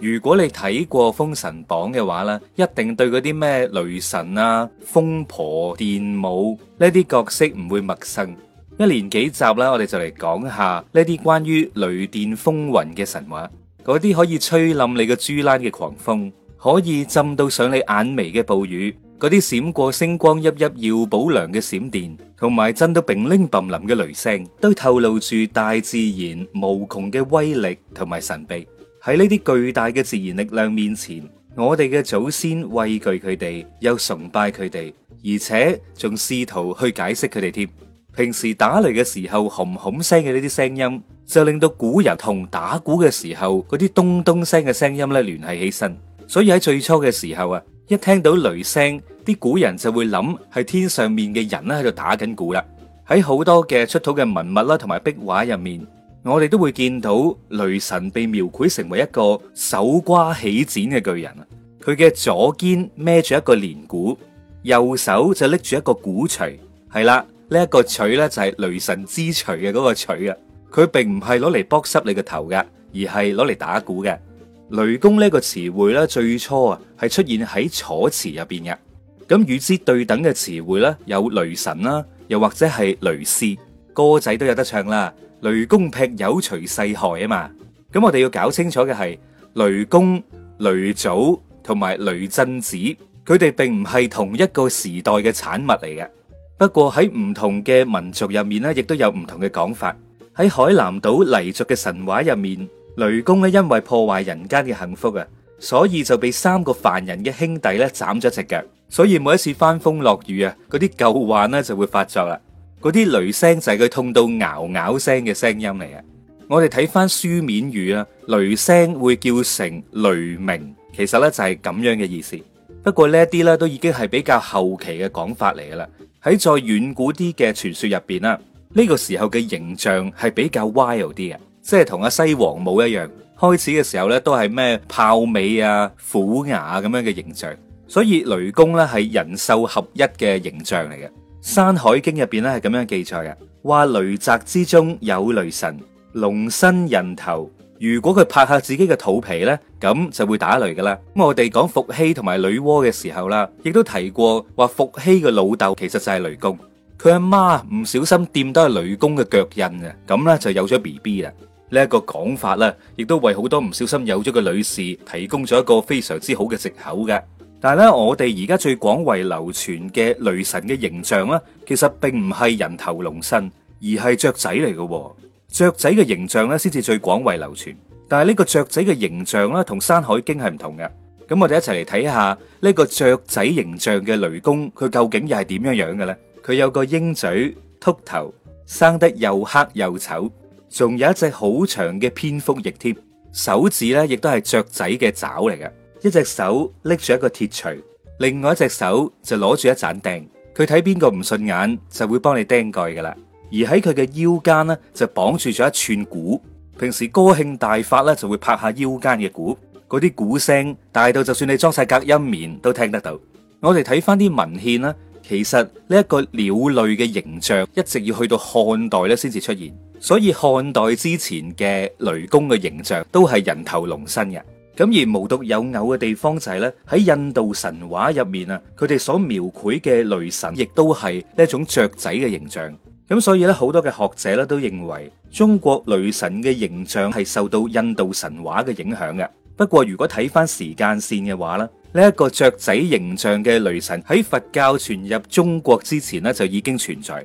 如果你睇過《封神榜》嘅話咧，一定對嗰啲咩雷神啊、風婆、電母呢啲角色唔會陌生。一連幾集啦，我哋就嚟講下呢啲關於雷電風雲嘅神話。嗰啲可以吹冧你嘅豬欄嘅狂風，可以浸到上你眼眉嘅暴雨。嗰啲閃過星光熠熠耀保良嘅閃電，同埋震到并拎嘭林嘅雷聲，都透露住大自然無窮嘅威力同埋神秘。喺呢啲巨大嘅自然力量面前，我哋嘅祖先畏懼佢哋，又崇拜佢哋，而且仲試圖去解釋佢哋添。平時打雷嘅時候，轟轟聲嘅呢啲聲音，就令到古人同打鼓嘅時候嗰啲咚咚聲嘅聲音咧聯繫起身。所以喺最初嘅時候啊，一聽到雷聲，啲古人就會諗係天上面嘅人咧喺度打緊鼓啦。喺好多嘅出土嘅文物啦，同埋壁畫入面。我哋都會見到雷神被描繪成為一個手瓜起剪嘅巨人啊！佢嘅左肩孭住一個連鼓，右手就拎住一個鼓錘。係啦，呢一個錘咧就係雷神之錘嘅嗰個錘啊！佢並唔係攞嚟剝濕你個頭嘅，而係攞嚟打鼓嘅。雷公呢個詞彙咧，最初啊係出現喺楚辭入邊嘅。咁與之對等嘅詞彙咧有雷神啦，又或者係雷師，歌仔都有得唱啦。雷公劈友除世害啊嘛！咁我哋要搞清楚嘅係雷公、雷祖同埋雷震子，佢哋並唔係同一個時代嘅產物嚟嘅。不過喺唔同嘅民族入面咧，亦都有唔同嘅講法。喺海南島黎族嘅神話入面，雷公咧因為破壞人間嘅幸福啊，所以就被三個凡人嘅兄弟咧斬咗隻腳。所以每一次翻風落雨啊，嗰啲舊患咧就會發作啦。嗰啲雷聲就係佢痛到咬咬聲嘅聲音嚟嘅。我哋睇翻書面語啊，雷聲會叫成雷鳴，其實呢就係咁樣嘅意思。不過呢一啲呢，都已經係比較後期嘅講法嚟噶啦。喺再遠古啲嘅傳說入邊啦，呢個時候嘅形象係比較 wild 啲嘅，即係同阿西王母一樣。開始嘅時候呢，都係咩豹尾啊、虎牙咁樣嘅形象，所以雷公呢，係人獸合一嘅形象嚟嘅。山海經入邊咧係咁樣記載嘅，話雷澤之中有雷神，龍身人頭。如果佢拍下自己嘅肚皮呢，咁就會打雷噶啦。咁、嗯、我哋講伏羲同埋女媧嘅時候啦，亦都提過話伏羲嘅老豆其實就係雷公，佢阿媽唔小心掂到係雷公嘅腳印啊，咁呢就有咗 B B 啦。呢、這、一個講法啦，亦都為好多唔小心有咗個女士提供咗一個非常之好嘅藉口嘅。但係咧，我哋而家最廣為流傳嘅雷神嘅形象咧，其實並唔係人頭龍身，而係雀仔嚟嘅。雀仔嘅形象咧，先至最廣為流傳。但係呢個雀仔嘅形象咧，同《山海經》係唔同嘅。咁我哋一齊嚟睇下呢個雀仔形象嘅雷公，佢究竟又係點樣樣嘅咧？佢有個鷹嘴、禿頭，生得又黑又醜，仲有一隻好長嘅蝙蝠翼，翼，添，手指咧亦都係雀仔嘅爪嚟嘅。一隻手拎住一個鐵錘，另外一隻手就攞住一盞釘。佢睇邊個唔順眼，就會幫你釘蓋噶啦。而喺佢嘅腰間呢，就綁住咗一串鼓。平時高興大發咧，就會拍下腰間嘅鼓。嗰啲鼓聲大到，就算你裝晒隔音棉都聽得到。我哋睇翻啲文獻啦。其實呢一個鳥類嘅形象一直要去到漢代咧先至出現。所以漢代之前嘅雷公嘅形象都係人頭龍身嘅。咁而無獨有偶嘅地方就係、是、咧，喺印度神話入面啊，佢哋所描繪嘅雷神，亦都係呢一種雀仔嘅形象。咁所以咧，好多嘅學者咧都認為，中國雷神嘅形象係受到印度神話嘅影響嘅。不過如果睇翻時間線嘅話咧，呢、那、一個雀仔形象嘅雷神喺佛教傳入中國之前呢，就已經存在。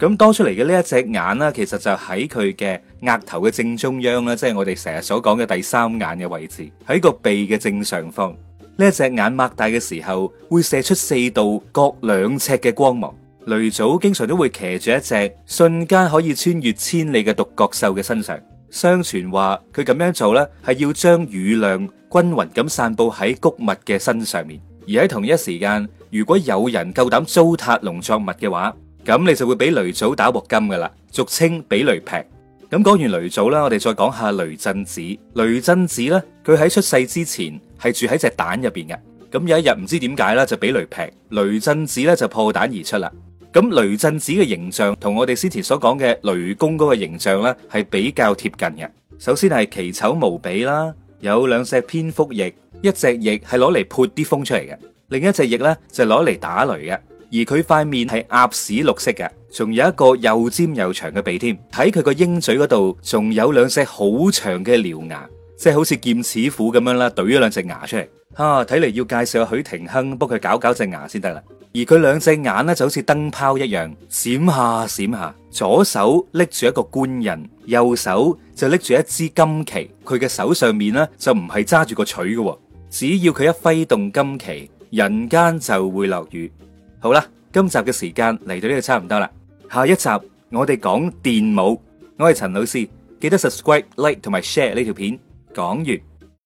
咁多出嚟嘅呢一隻眼呢，其實就喺佢嘅額頭嘅正中央啦，即係我哋成日所講嘅第三眼嘅位置，喺個鼻嘅正上方。呢一隻眼擘大嘅時候，會射出四道各兩尺嘅光芒。雷祖經常都會騎住一隻瞬間可以穿越千里嘅獨角獸嘅身上，相傳話佢咁樣做呢，係要將雨量均勻咁散佈喺穀物嘅身上面。而喺同一時間，如果有人夠膽糟蹋農作物嘅話，咁你就會俾雷祖打鑊金噶啦，俗稱俾雷劈。咁講完雷祖啦，我哋再講下雷震子。雷震子咧，佢喺出世之前係住喺隻蛋入邊嘅。咁有一日唔知點解啦，就俾雷劈，雷震子咧就破蛋而出啦。咁雷震子嘅形象同我哋先前所講嘅雷公嗰個形象咧，係比較貼近嘅。首先係奇醜無比啦，有兩隻蝙蝠翼，一隻翼係攞嚟潑啲風出嚟嘅，另一隻翼咧就係攞嚟打雷嘅。而佢塊面係鴨屎綠色嘅，仲有一個又尖又長嘅鼻添。睇佢個鷹嘴嗰度，仲有兩隻好長嘅獠牙，即係好似劍齒虎咁樣啦，懟咗兩隻牙出嚟。啊，睇嚟要介紹下許廷鏗幫佢搞搞隻牙先得啦。而佢兩隻眼咧就好似燈泡一樣閃下閃下。左手拎住一個官人，右手就拎住一支金旗。佢嘅手上面呢，就唔係揸住個錘嘅，只要佢一揮動金旗，人間就會落雨。好啦，今集嘅時間嚟到呢度差唔多啦，下一集我哋講電母，我係陳老師，記得 subscribe、like 同埋 share 呢條片，講完。